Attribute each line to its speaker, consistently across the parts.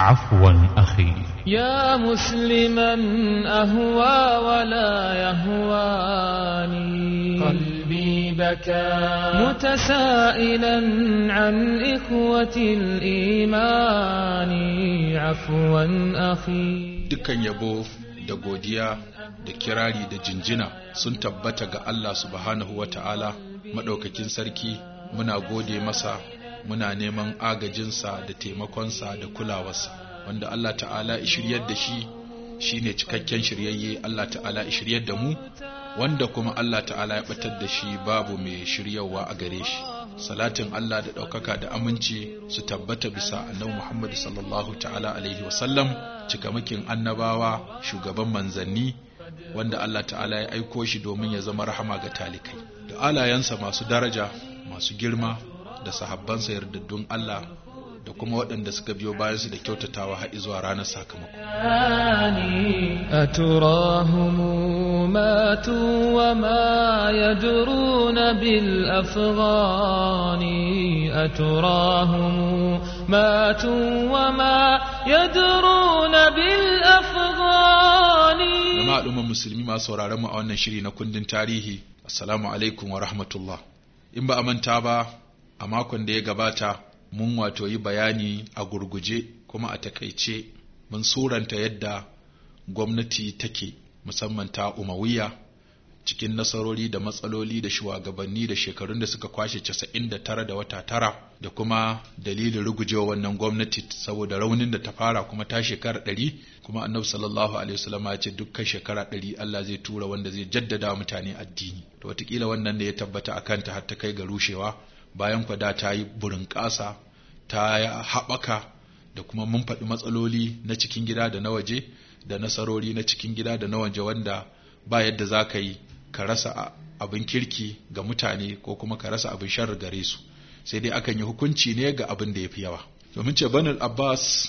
Speaker 1: cuff wani ya musliman a huwa wala ya huwa ni ƙalbi baka mutusa idan can ikwatin imani
Speaker 2: cuff wani ake. dukkan yabo da godiya da kirari da jinjina sun tabbata ga allah subhanahu hawa ta'ala madaukakin sarki muna gode masa. muna neman agajinsa da taimakonsa da kulawarsa wanda Allah ta'ala shiryar da shi shine cikakken shiryayye Allah ta'ala shiryar da mu wanda kuma Allah ta'ala ya batar da shi babu mai shiryawa a gare shi salatin Allah da ɗaukaka da aminci su tabbata bisa annabi Muhammad sallallahu ta'ala alaihi wasallam cikamakin annabawa shugaban manzanni wanda Allah ta'ala ya aiko shi domin ya zama rahama ga talikai da alayansa masu daraja masu girma da sahabbansa yardaddun Allah da kuma waɗanda suka biyo bayansu da kyautatawa har zuwa ranar sakamako. matu
Speaker 1: wa ma ya bil afghani matu wa ma
Speaker 2: ya bil
Speaker 1: afghani. Jama'a
Speaker 2: ɗumar musulmi masu sauraron mu a wannan shiri na kundin tarihi. Assalamu alaikum wa rahmatullah. In ba a manta ba, a makon da ya gabata mun wato yi bayani a gurguje kuma a takaice mun suranta yadda gwamnati take musamman ta umawiya cikin nasarori da matsaloli da shugabanni da shekarun da suka kwashe 99 da wata tara da kuma dalilin rugujewa wannan gwamnati saboda raunin da ta fara kuma ta shekara ɗari kuma annabi sallallahu alaihi wasallam ya ce dukkan shekara ɗari Allah zai tura wanda zai jaddada mutane addini to watakila wannan ne ya tabbata a kanta har ta kai ga rushewa bayan kwada ta yi burin ƙasa ta haɓaka da kuma mun faɗi matsaloli na cikin gida da na waje da nasarori na cikin gida da na waje wanda ba yadda za ka yi ka rasa abin kirki ga mutane ko kuma ka rasa abin sharri gare su sai dai akan yi hukunci ne ga abin da ya fi yawa domin ce banul abbas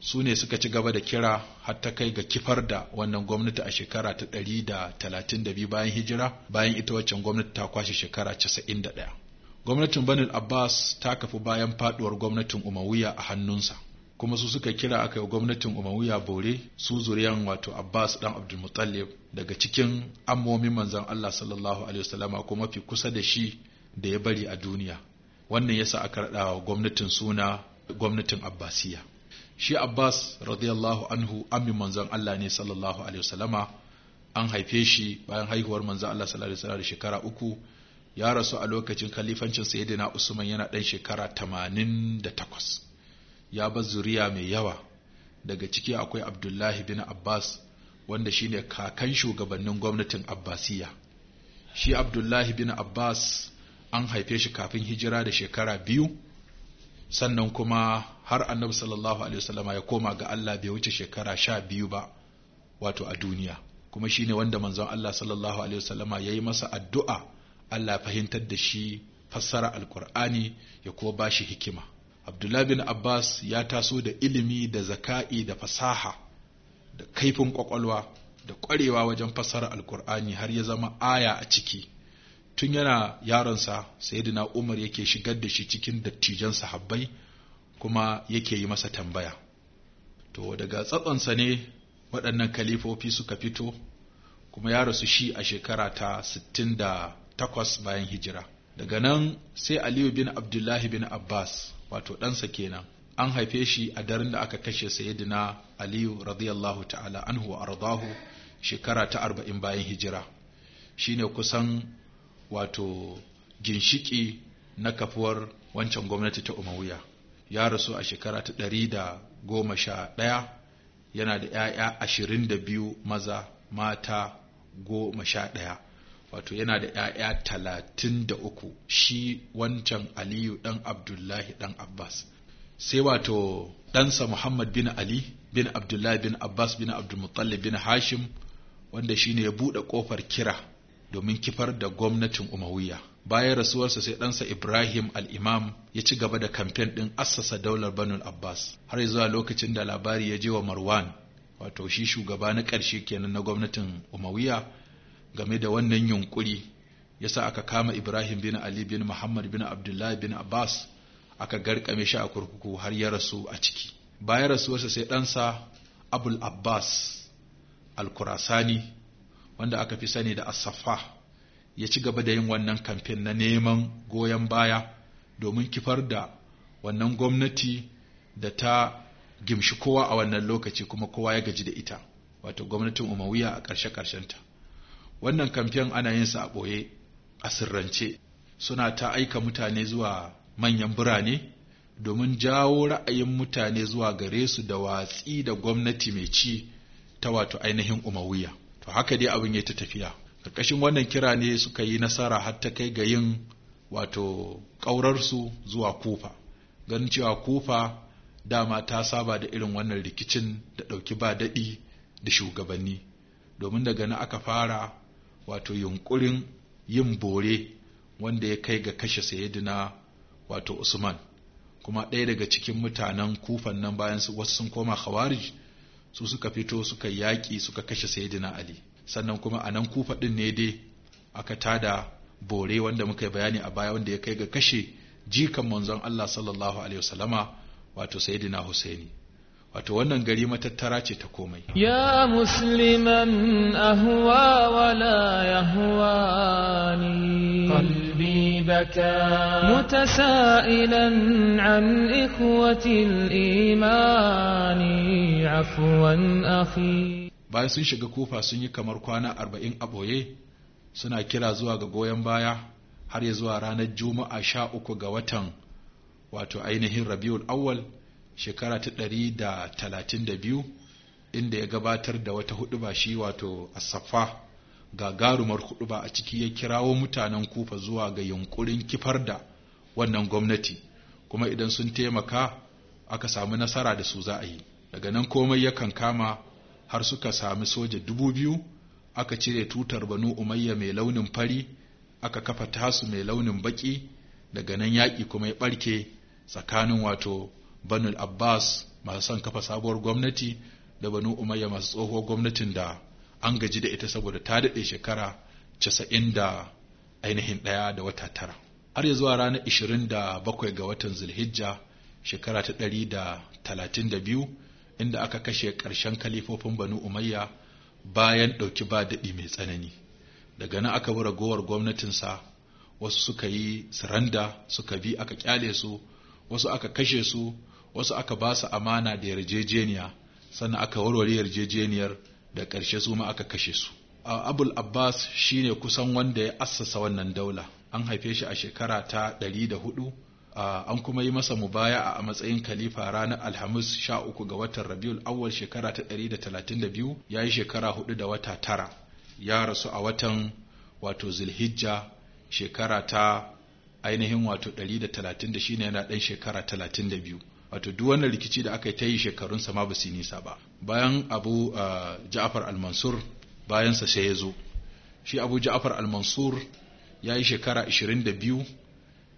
Speaker 2: su ne suka ci gaba da kira har ta kai ga kifar da wannan gwamnati a shekara ta 132 bayan hijira bayan ita waccan gwamnati ta kwashe shekara 91 gwamnatin banil abbas ta kafu bayan faduwar gwamnatin umawiya a hannunsa kuma su suka kira aka yi gwamnatin umawiya bore su zuriyan wato abbas dan abdulmutallib daga cikin amomin manzan allah sallallahu alaihi wasallama ko mafi kusa da shi da ya bari a duniya wannan yasa aka raɗa gwamnatin suna gwamnatin abbasiya shi abbas radiyallahu anhu amin manzan allah ne sallallahu alaihi wasallama an haife shi bayan haihuwar manzan allah sallallahu alaihi wasallama da shekara uku ya rasu a lokacin kalifancin sayyidina usman yana ɗan shekara 88 ya ba zuriya mai yawa daga ciki akwai abdullahi bin abbas wanda shine kakan shugabannin gwamnatin abbasiya shi abdullahi bin abbas an haife shi kafin hijira da shekara biyu sannan kuma har annabi sallallahu alaihi wasallama ya koma ga allah bai wuce shekara sha biyu ba wato a duniya kuma shine wanda manzon allah sallallahu alaihi wasallama ya yi masa addu'a Allah fahimtar da shi fassara alkur'ani ya kuma ba shi hikima abdullah bin abbas ya taso da ilimi da zaka'i da fasaha da kaifin kwakwalwa da kwarewa wajen fassara alkur'ani har ya zama aya a ciki tun yana yaronsa sayyidina umar yake shigar da shi cikin dattijan sahabbai kuma yake yi masa tambaya to daga tsatsonsa ne waɗannan kalifofi suka fito kuma ya rasu shi a shekara ta takwas bayan hijira daga nan sai aliyu bin abdullahi bin abbas wato ɗansa kenan an haife shi a daren da aka kashe sayyidina aliyu radiyallahu ta'ala anhu wa ardahu shekara ta arba'in bayan hijira shine kusan wato ginshiki na kafuwar wancan gwamnati ta umawiya ya rasu a shekara ta ɗari da goma sha ɗaya yana da ‘ya'ya ashirin da biyu maza mata goma sha ɗaya wato yana da ‘ya'ya talatin da uku shi wancan aliyu ɗan abdullahi ɗan abbas sai wato ɗansa muhammad bin ali bin abdullahi bin abbas bin abdulmutalli bin hashim wanda shi ne ya buɗe ƙofar kira domin kifar da gwamnatin umawiya bayan rasuwarsa sai ɗansa ibrahim al-Imam ya ci gaba da kamfen ɗin assasa daular banul abbas har zuwa lokacin da labari ya je wa marwan wato shi shugaba na ƙarshe kenan na gwamnatin umawiya game da wannan yunkuri yasa aka kama Ibrahim bin Ali bin Muhammad bin Abdullah bin Abbas aka garkame shi a kurkuku har ya rasu a ciki bayan rasuwarsa sai ɗansa Abul Abbas al-Kurasani wanda aka fi sani da As-Saffa ya ci gaba da yin wannan kamfen na neman goyon baya domin kifar da wannan gwamnati da ta gimshi kowa a wannan lokaci kuma kowa ya gaji da ita wato gwamnatin Umayya a ƙarshe-ƙarshenta wannan kamfen ana yin sa a ɓoye a sirrance suna ta aika mutane zuwa manyan birane domin jawo ra'ayin mutane zuwa gare su da watsi da gwamnati mai ci ta wato ainihin umawiya to haka dai abin ya ta tafiya ƙarƙashin wannan kira ne suka yi nasara har ta kai ga yin wato ƙaurarsu zuwa kufa ganin cewa kufa dama ta saba da irin wannan rikicin da ɗauki ba daɗi da shugabanni domin daga na aka fara wato yunkurin yin bore wanda ya kai ga kashe sayidina wato usman kuma ɗaya daga cikin mutanen kufan nan bayan wasu sun koma khawarij su suka fito suka yaƙi suka kashe sayidina ali sannan kuma a nan kufa ɗin ne dai aka tada bore wanda muka yi bayani a baya wanda ya kai ga kashe jikan manzon Allah sallallahu alaihi wasallama wato sayyidina Husaini wato wannan gari matattara ce ta komai
Speaker 1: ya musliman ahwa wala yahwani qalbi baka
Speaker 2: mutasailan an ikhwati imani afwan akhi bayan sun shiga kofa sun yi kamar kwana arba'in a boye suna kira zuwa ga goyon baya har ya zuwa ranar juma'a sha uku ga watan wato ainihin rabiul awwal shekara ta ɗari da talatin da biyu inda ya gabatar da wata huduba shi wato asafa gagarumar huduba a ciki ya kirawo mutanen kufa zuwa ga yunkurin kifar da wannan gwamnati kuma idan sun taimaka aka samu nasara da su za a yi daga nan komai yakan kama har suka sami soja dubu biyu aka cire tutar banu umayya mai launin fari aka kafa tasu mai launin baki daga nan yaƙi kuma ya ɓarke tsakanin wato banul abbas masu son kafa sabuwar gwamnati da banu umayya masu tsohuwar gwamnatin da an gaji da ita saboda ta daɗe shekara casa'in da ainihin ɗaya da wata tara har ya zuwa ranar ishirin da bakwai ga watan zulhijja shekara ta ɗari da talatin da biyu inda aka kashe ƙarshen kalifofin banu umayya bayan ɗauki ba daɗi mai tsanani daga nan aka bi ragowar gwamnatinsa wasu suka yi suranda suka bi aka kyale su wasu aka kashe su wasu aka ba su amana da yarjejeniya sannan aka warware yarjejeniyar da ƙarshe su ma aka kashe su abul abbas shine kusan wanda ya assasa wannan daula an haife shi a shekara ta ɗari da 104 an kuma yi masa mubaya a matsayin khalifa ranar alhamis 13 ga watan rabiul awwal shekara ta 132 ya yi shekara hudu da wata tara ya rasu a watan wato zulhijja shekara ta ainihin wato da 136 yana ɗan shekara biyu. wato duk wannan rikici da aka yi ta yi shekarun sama ba su nisa ba bayan abu uh, ja'far al-mansur bayansa sai ya zo shi abu ja'far al-mansur ya yi shekara 22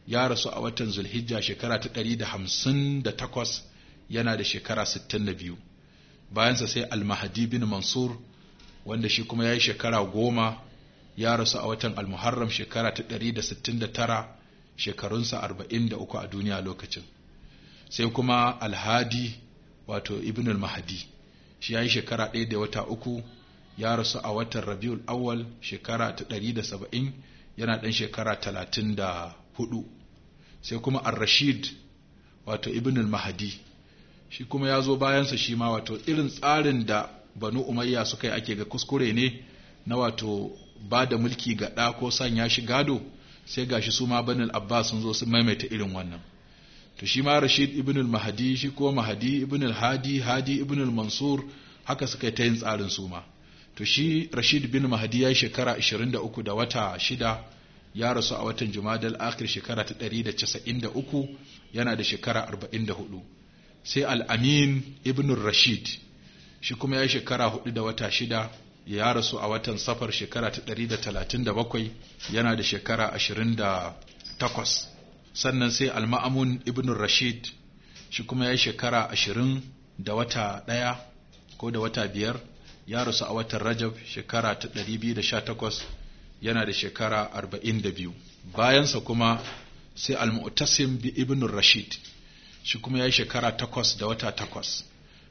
Speaker 2: ya rasu a watan zulhijja shekara ta 158 yana da shekara 62 sa sai al-mahdi bin mansur wanda shi kuma ya yi shekara goma ya rasu a watan al-muharram shekara ta 169 shekarunsa 43 a duniya lokacin sai kuma alhadi wato ibnul mahdi shi ya yi shekara ɗaya da wata uku ya rasu a watan rabiul awwal shekara ta ɗari da saba'in yana ɗan shekara talatin da hudu sai kuma ar-rashid wato ibnul mahdi shi kuma ya zo bayansa shi ma wato irin tsarin da banu umayya suka yi ake ga kuskure ne na wato ba da mulki ga ɗa ko sanya shi gado sai gashi su ma banul abbas sun zo sun maimaita irin wannan to shi ma Rashid ibn al-Mahdi shi ko Mahdi ibn al-Hadi Hadi ibn al-Mansur haka suka yi ta yin tsarin su ma to shi Rashid bin Mahdi ya shekara 23 da wata shida ya rasu a watan Jumadal akhir shekara ta 193 yana da shekara 44 sai al-Amin ibn Rashid shi kuma ya shekara 4 da wata shida ya rasu a watan safar shekara ta 137 yana da shekara 28 sannan sai alma'amun ibn rashid shi kuma ya yi shekara ashirin da wata ɗaya ko da wata biyar ya rasu a watan rajab shekara ta ɗari biyu da sha takwas yana da shekara arba'in da biyu bayansa kuma sai al bi ibn rashid shi kuma ya yi shekara takwas da wata takwas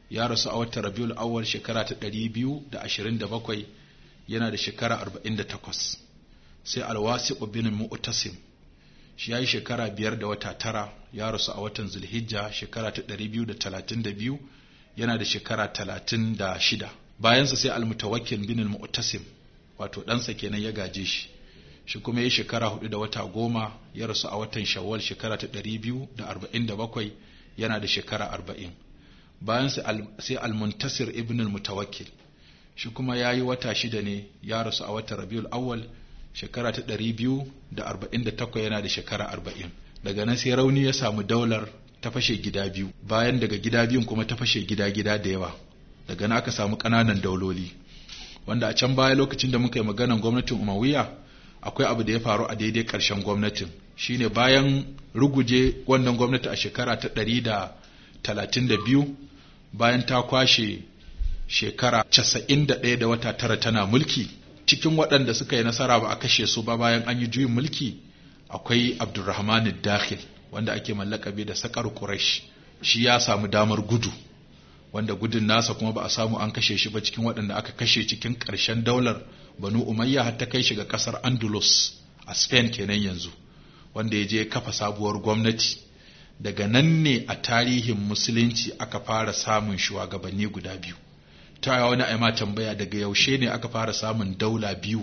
Speaker 2: ya rasu a watan rabiul awwal shekara ta ɗari biyu da ashirin da bakwai yana da shekara arba'in da takwas sai al bin mu'tasim shi ya yi shekara biyar da wata tara ya rasu a watan zulhijja shekara ta ɗari biyu da talatin da biyu yana da shekara talatin da shida bayansa sai almutawakkil bin mu'tasim wato ɗansa kenan ya gaje shi shi kuma ya shekara hudu da wata goma ya rasu a watan shawwal shekara ta ɗari biyu da arba'in da bakwai yana da shekara arba'in bayan sai almuntasir ibn mutawakkil shi kuma ya yi wata shida ne ya rasu a watan rabiul awwal shekara ta takwa yana da shekara arba'in. daga nan sai rauni ya samu daular ta fashe gida biyu bayan daga gida biyun kuma ta fashe gida gida da yawa daga nan aka samu ƙananan dauloli wanda a can baya lokacin da muka yi maganan gwamnatin umawiya akwai abu da ya faru a daidai ƙarshen gwamnatin shine bayan ruguje wannan gwamnati a shekara ta ɗari da da talatin biyu, bayan ta kwashe shekara da ɗaya da wata tara tana mulki cikin waɗanda suka yi nasara ba a kashe su ba bayan an yi juyin mulki akwai abdurrahman dakhil wanda ake mallaka mallakabe da sakar quraish shi ya samu damar gudu wanda gudun nasa kuma ba a samu an kashe shi ba cikin waɗanda aka kashe cikin ƙarshen daular banu umayya har ta kai shi ga ƙasar andalus a spain kenan yanzu wanda ya je kafa sabuwar gwamnati daga nan ne a tarihin musulunci aka fara samun shugabanni guda biyu ta wani a tambaya daga yaushe ne aka fara samun daula biyu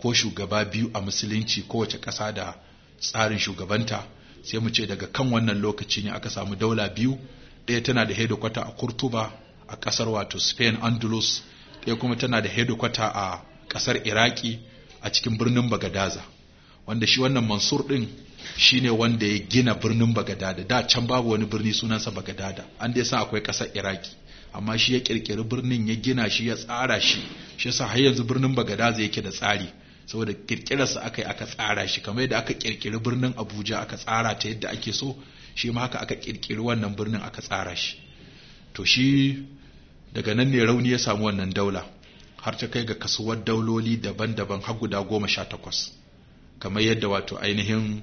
Speaker 2: ko shugaba biyu a musulunci kowace ƙasa da tsarin shugabanta sai mu ce daga kan wannan lokaci ne aka samu daula biyu ɗaya tana da hedikwata a kurtuba a ƙasar wato spain andalus ɗaya kuma tana da hedikwata a ƙasar iraki a cikin birnin bagadaza wanda shi wannan mansur ɗin shi ne wanda ya gina birnin bagadada da can babu wani birni sunansa bagadada an dai san akwai ƙasar iraki amma shi ya kirkiri birnin ya gina shi ya tsara shi shi yasa har yanzu birnin Bagadaza yake da tsari saboda kirkirarsa aka yi aka tsara shi kamar yadda aka kirkiri birnin Abuja aka tsara ta yadda ake so shi ma haka aka kirkiri wannan birnin aka tsara shi to shi daga nan ne rauni ya samu wannan daula har ta kai ga kasuwar dauloli daban-daban har guda goma sha takwas kamar yadda wato ainihin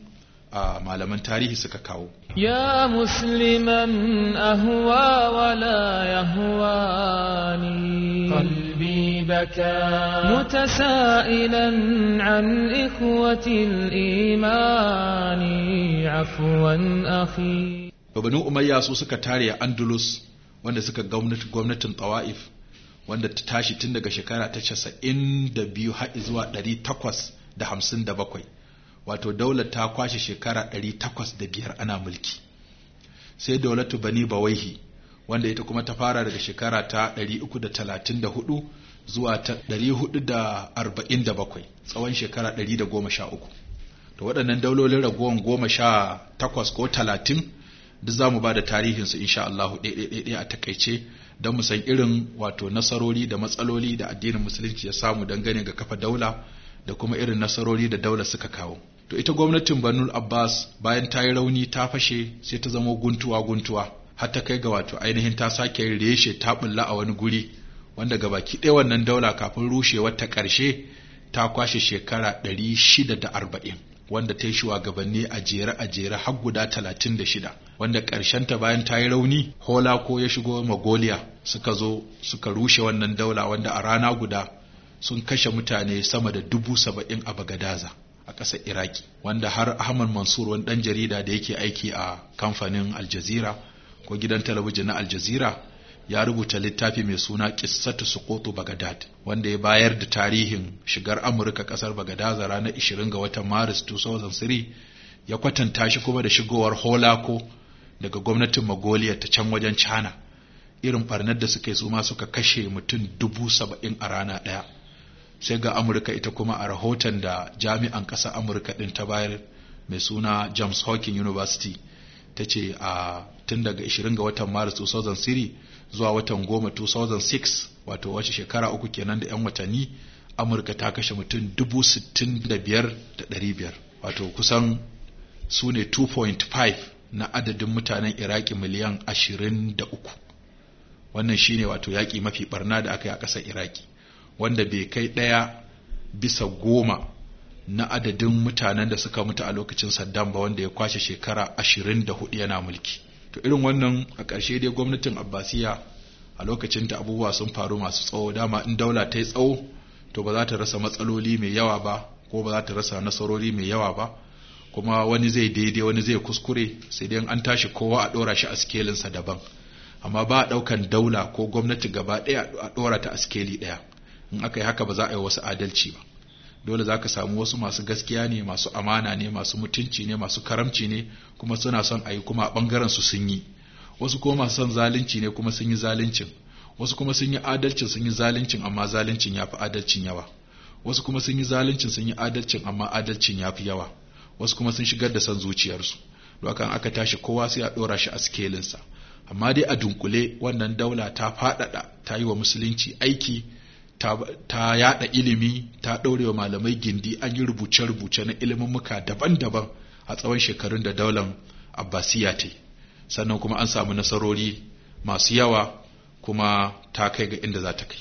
Speaker 2: malaman tarihi suka kawo
Speaker 1: ya musliman ahuwa wa la ni kalbi baka mutasailan an ikhwati imani
Speaker 2: afuwan akhi Babanu Umayya su suka tare a Andalus wanda suka gwamnatin Tawa'if wanda ta tashi tun daga shekara ta biyu har zuwa ɗari da da bakwai. wato daular ta kwashe shekara ɗari da biyar ana mulki sai daulatu bani bawaihi wanda ita kuma ta fara daga shekara ta ɗari da 334 zuwa ta bakwai, tsawon shekara ɗari da 113 to waɗannan daulolin ragowar goma sha takwas ko talatin duk za mu ba da tarihinsu insha Allah ɗaiɗaiɗaiɗai a takaice don mu san irin wato nasarori da matsaloli da addinin musulunci ya samu dangane ga kafa daula da kuma irin nasarori da daula suka kawo to ita gwamnatin banul abbas bayan ta yi rauni ta fashe sai ta zama guntuwa guntuwa har ta kai ga wato ainihin ta sake yin reshe ta bulla a wani guri wanda ga baki ɗaya wannan daula kafin rushewar ta ƙarshe ta kwashe shekara ɗari shida da arba'in wanda ta yi shugabanni a jere a jere har guda talatin da shida wanda ta bayan ta yi rauni hola ko ya shigo magoliya suka zo suka rushe wannan daula wanda a rana guda sun kashe mutane sama da dubu saba'in a bagadaza a ƙasar iraki wanda har ahmad mansur wani ɗan jarida da yake aiki a kamfanin aljazira ko gidan talabijin na aljazira ya rubuta littafi mai suna kissatu sukotu bagadad wanda ya bayar da tarihin shigar amurka ƙasar bagadaza ranar 20 ga watan maris 2003 ya kwatanta shi kuma da shigowar holako daga gwamnatin magoliya ta can wajen china irin barnar da suka yi su suka kashe mutum dubu saba'in a rana ɗaya sai ga amurka ita kuma a rahoton da jami'an ƙasa amurka ɗin ta bayar mai suna james hawking university ta ce a tun daga 20 ga watan maris 2003 zuwa watan 10 2006 wato wace shekara uku kenan da 'yan watanni amurka ta kashe mutum 65,500 wato kusan su ne 2.5 na adadin mutanen iraki miliyan 23 wannan shine wato yaƙi mafi barna da aka yi a ƙasar iraki wanda bai kai ɗaya bisa goma na adadin mutanen da suka mutu a lokacin Saddam ba wanda ya kwashe shekara ashirin da hudu yana mulki to irin wannan a ƙarshe dai gwamnatin abbasiya a lokacin da abubuwa sun faru masu tsawo dama in daula ta yi tsawo to ba za ta rasa matsaloli mai yawa ba ko ba za ta rasa nasarori mai yawa ba kuma wani zai daidai wani zai kuskure sai dai an tashi kowa a ɗora shi a sikelinsa daban amma ba a ɗaukan daula ko gwamnati gaba ɗaya a ɗora ta a sikeli ɗaya in aka yi haka ba za a yi wasu adalci ba dole za ka samu wasu masu gaskiya ne masu amana ne masu mutunci ne masu karamci ne kuma suna son a yi kuma a ɓangaren su sun yi wasu kuma masu son zalunci ne kuma sun yi zaluncin wasu kuma sun yi adalcin sun yi zaluncin amma zaluncin ya fi adalcin yawa wasu kuma sun yi zaluncin sun yi adalcin amma adalcin ya fi yawa wasu kuma sun shigar da son zuciyarsu dokan aka tashi kowa sai a ɗora shi a sikelinsa amma dai a dunkule wannan daula ta faɗaɗa ta yi wa musulunci aiki ta, ta yada ilimi ta ɗaurewa malamai gindi an yi rubuce-rubuce na muka daban-daban a tsawon shekarun da daular abbasiya ta sannan kuma an samu nasarori masu yawa kuma ta kai ga inda za ta kai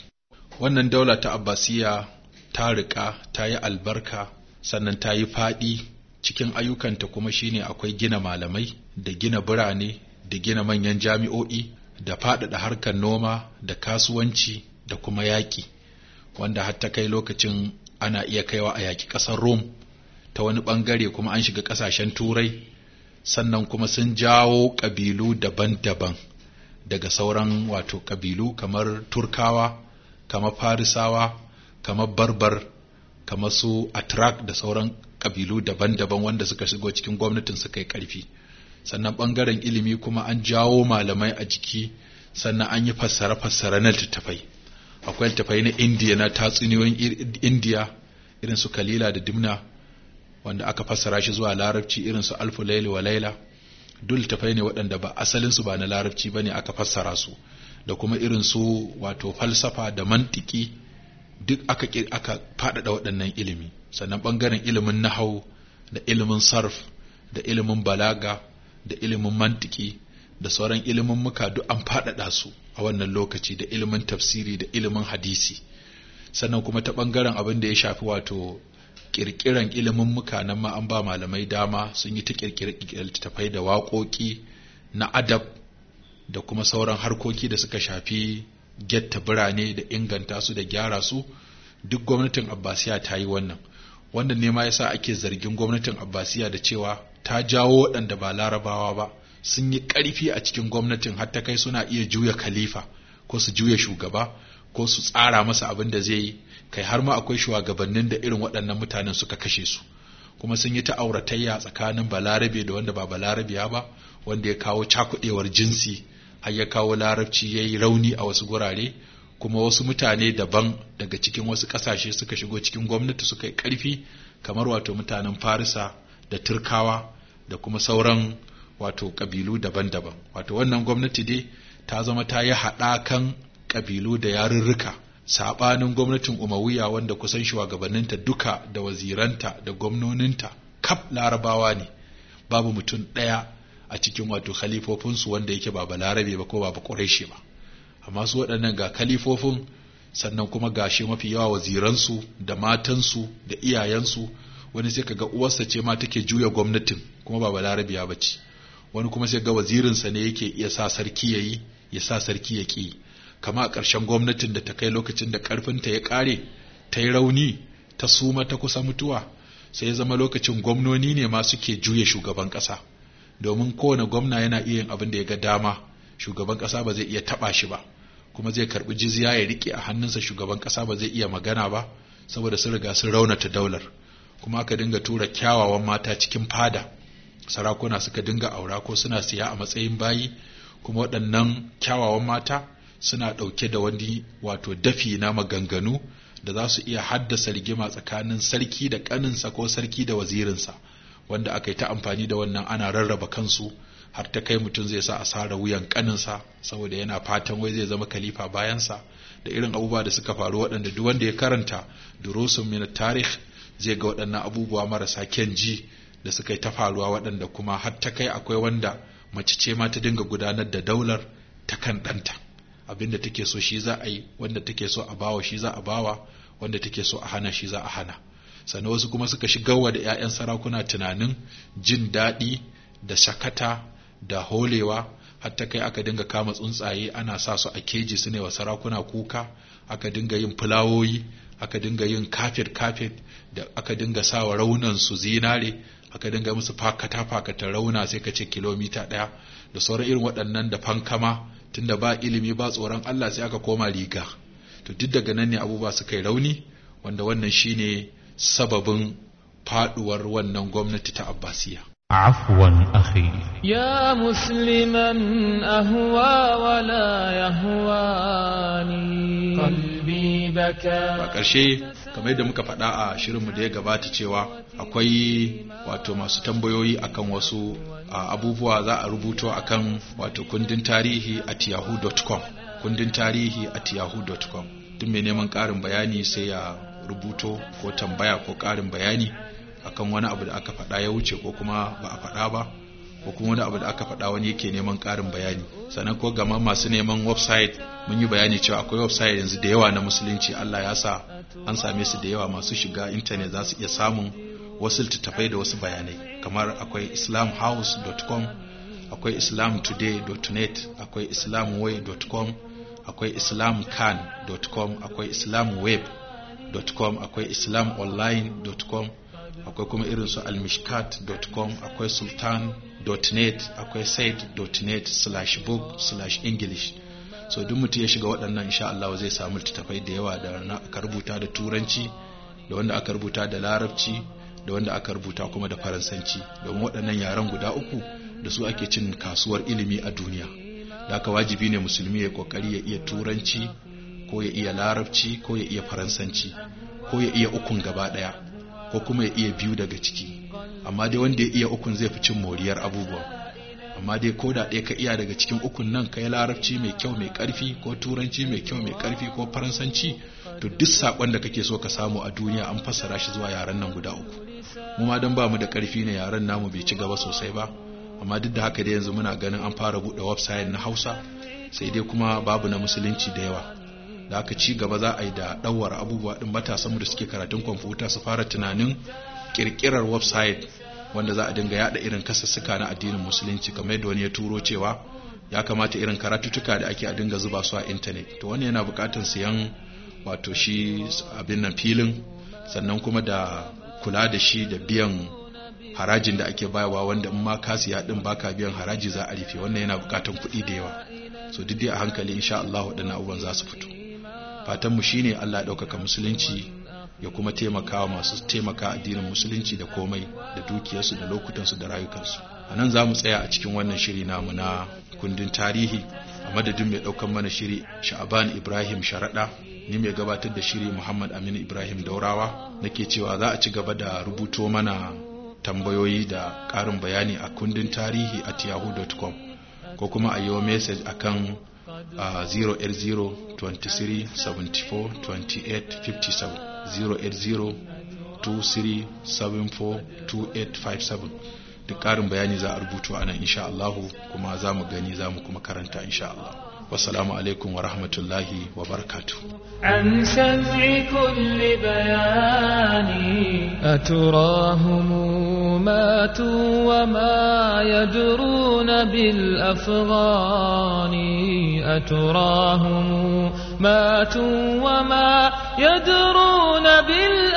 Speaker 2: wannan daula ta abbasiya ta riƙa ta yi albarka sannan ta yi faɗi cikin ayyukanta kuma shine akwai gina malamai da gina birane da gina manyan jami'o'i da faɗaɗa harkar noma da kasuwanci da kuma yaƙi wanda har ta kai lokacin ana iya kaiwa a yaƙi ƙasar Rome ta wani ɓangare kuma an shiga ƙasashen Turai sannan kuma sun jawo ƙabilu daban-daban daga sauran wato ƙabilu kamar Turkawa, kamar Farisawa, kamar Barbar, kamar su Atrak da sauran ƙabilu daban-daban wanda suka shigo cikin gwamnatin suka yi ƙarfi. Sannan ɓangaren ilimi kuma an jawo malamai a jiki sannan an yi fassara fassare na littattafai. akwai tafai na indiya na tatsuniyoyin indiya irin su kalila da dimna wanda aka fassara shi zuwa larabci irin su alfu laili wa laila duk tafai ne waɗanda ba asalinsu ba na larabci ba ne aka fassara su da kuma irin su wato falsafa da mantiki duk aka aka faɗaɗa waɗannan ilimi sannan ɓangaren ilimin nahau da ilimin sarf da ilimin balaga da ilimin mantiki da sauran ilimin muka duk an faɗaɗa su a wannan lokaci da ilimin tafsiri da ilimin hadisi sannan kuma ta ɓangaren abin da ya shafi wato ƙirƙiran ilimin muka nan ma an ba malamai dama sun yi ta ƙirƙirar littattafai da waƙoƙi na adab da kuma sauran harkoki da suka shafi getta birane da inganta su da gyara su duk gwamnatin abbasiya ta yi wannan wanda ne ma yasa ake zargin gwamnatin abbasiya da cewa ta jawo waɗanda ba larabawa ba sun yi ƙarfi a cikin gwamnatin har ta kai suna iya juya khalifa ko su juya shugaba ko su tsara masa abin da zai yi kai har ma akwai shugabannin da irin waɗannan mutanen suka kashe su kuma sun yi ta'auratayya tsakanin balarabe da wanda ba balarabiya ba wanda ya kawo cakuɗewar jinsi har ya kawo larabci ya yi rauni a wasu gurare kuma wasu mutane daban daga cikin wasu ƙasashe suka shigo cikin gwamnati suka yi ƙarfi kamar wato mutanen farisa da turkawa da kuma sauran wato ƙabilu daban-daban wato wannan gwamnati dai ta zama ta yi haɗakan ƙabilu da yarurruka saɓanin gwamnatin umawiya wanda kusan shugabanninta duka da waziranta da gwamnoninta kaf larabawa ne babu mutum ɗaya a cikin wato khalifofinsu wanda yake ba balarabe ba ko ba ba ba amma su waɗannan ga khalifofin sannan kuma gashi mafi yawa waziransu da matansu da iyayensu wani sai ka ga uwarsa ce ma take juya gwamnatin kuma ba balarabiya ba ce wani kuma sai ga wazirinsa ne yake iya sa sarki ya yi ya sa sarki ya ƙi kama a ƙarshen gwamnatin da ta kai lokacin da ƙarfinta ya ƙare ta yi rauni ta suma ta kusa mutuwa sai ya zama lokacin gwamnoni ne ma suke juya shugaban ƙasa domin kowane gwamna yana iya yin abin da ya ga dama shugaban ƙasa ba zai iya taɓa shi ba kuma zai karɓi jiziya ya riƙe a hannunsa shugaban ƙasa ba zai iya magana ba saboda sun riga sun raunata daular kuma aka dinga tura kyawawan mata cikin fada sarakuna suka dinga aura ko suna siya a matsayin bayi kuma waɗannan kyawawan mata suna ɗauke da wani wato dafi na maganganu da za su iya haddasa rigima tsakanin sarki da ƙaninsa ko sarki da wazirinsa wanda aka yi ta amfani da wannan ana rarraba kansu har ta kai mutum zai sa asara wuyan ƙaninsa saboda yana fatan wai zai zama kalifa bayansa da irin abubuwa da suka faru waɗanda duk wanda ya karanta durusun min tarih zai ga waɗannan abubuwa marasa kyan ji da suka yi ta faruwa waɗanda kuma har ta kai akwai wanda mace ce ma ta dinga gudanar da daular ta kan ɗanta abinda take so shi za a yi wanda take so a bawa shi za a bawa wanda take so a hana shi za a hana sannan wasu kuma suka shiga wa da 'ya'yan sarakuna tunanin jin daɗi da shakata da holewa Har ta kai aka dinga kama tsuntsaye ana sa su a keji su ne wa sarakuna kuka aka dinga yin fulawoyi aka dinga yin kafet kafet da aka dinga sawa raunan su zinare aka dinga musu fakata fakata rauna sai ka ce kilomita ɗaya da sauran irin waɗannan da fankama tunda ba ilimi ba tsoron Allah sai aka koma riga to duk daga nan ne abubuwa su kai rauni wanda wannan shine sababin faduwar wannan gwamnati ta Abbasiya
Speaker 1: عفوا أخي يا مسلما أهوى ولا يهواني قلبي بكى
Speaker 2: kamar yadda muka faɗa a shirinmu da ya gabata cewa akwai wato masu tambayoyi akan wasu abubuwa za a rubuto akan wato kundin tarihi at yahoo.com kundin tarihi at yahoo.com duk mai neman ƙarin bayani sai ya rubuto ko tambaya ko ƙarin bayani akan wani abu da aka faɗa ya wuce ko kuma ba a faɗa ba ko kuma wani abu da aka faɗa wani yake neman ƙarin bayani sannan ko gama masu neman website mun yi bayani cewa akwai website yanzu da yawa na musulunci Allah ya sa an same su da yawa masu shiga internet za su iya samun wasu littattafai da wasu bayanai kamar akwai islamhouse.com akwai islamtoday.net akwai islamway.com akwai islamcan.com akwai islamweb.com akwai islamonline.com akwai kuma irin su almishkat.com akwai sultan .net akwai site.net slash book slash english so duk mutum ya shiga waɗannan insha Allah zai samu littattafai da yawa da aka rubuta da turanci da wanda aka rubuta da larabci da wanda aka rubuta kuma da faransanci domin waɗannan yaren guda uku da su ake cin kasuwar ilimi a duniya da aka wajibi ne musulmi ya kokari ya iya turanci ko ya iya larabci ko ya iya faransanci ko ya iya ukun gaba ɗaya ko kuma ya iya biyu daga ciki amma dai wanda ya iya ukun zai fi cin moriyar abubuwa amma dai ko da ɗaya ka iya daga cikin ukun nan kai larabci mai kyau mai karfi ko turanci mai kyau mai karfi ko faransanci to duk saƙon da kake so ka samu a duniya an fassara shi zuwa yaren nan guda uku mu ma dan bamu da karfi ne yaren namu bai ci gaba sosai ba amma duk da haka dai yanzu muna ganin an fara buɗe website na Hausa sai dai kuma babu na musulunci da yawa da aka ci gaba za a yi da ɗauwar abubuwa ɗin matasanmu da suke karatun kwamfuta su fara tunanin ƙirƙirar website wanda za a dinga yada irin kasassuka na addinin musulunci kamar yadda wani ya turo cewa ya kamata irin karatutuka da ake a dinga zuba su a intanet to wannan yana bukatar siyan wato shi abin nan filin sannan kuma da kula da shi da biyan harajin da ake bayarwa wanda in ma ka siya din baka biyan haraji za a rufe wannan yana bukatar kuɗi da yawa so duk dai a hankali insha Allah waɗannan abubuwan za su fito fatan mu shine Allah ya ɗaukaka musulunci ya kuma taimaka wa masu taimaka addinin musulunci da komai da dukiyarsu da lokutansu da rayukansu a nan za mu tsaya a cikin wannan shiri namu na kundin tarihi a madadin mai ɗaukan mana shiri sha'aban ibrahim sharaɗa ni mai gabatar da shiri muhammad aminu ibrahim daurawa nake cewa za a ci gaba da rubuto mana tambayoyi da ƙarin bayani a kundin tarihi a yahoo.com ko kuma a yi message a kan uh, 0 23 74 57 080 2374 duk ƙarin bayani za a rubuto a nan insha kuma za mu gani za mu kuma karanta insha Allah wasalamu alaikum wa rahmatullahi wa barakatu
Speaker 1: an sam'i kulli bayani aturahum matu wa ma yadruna bil afghani aturahum ماتوا وما يدرون بالله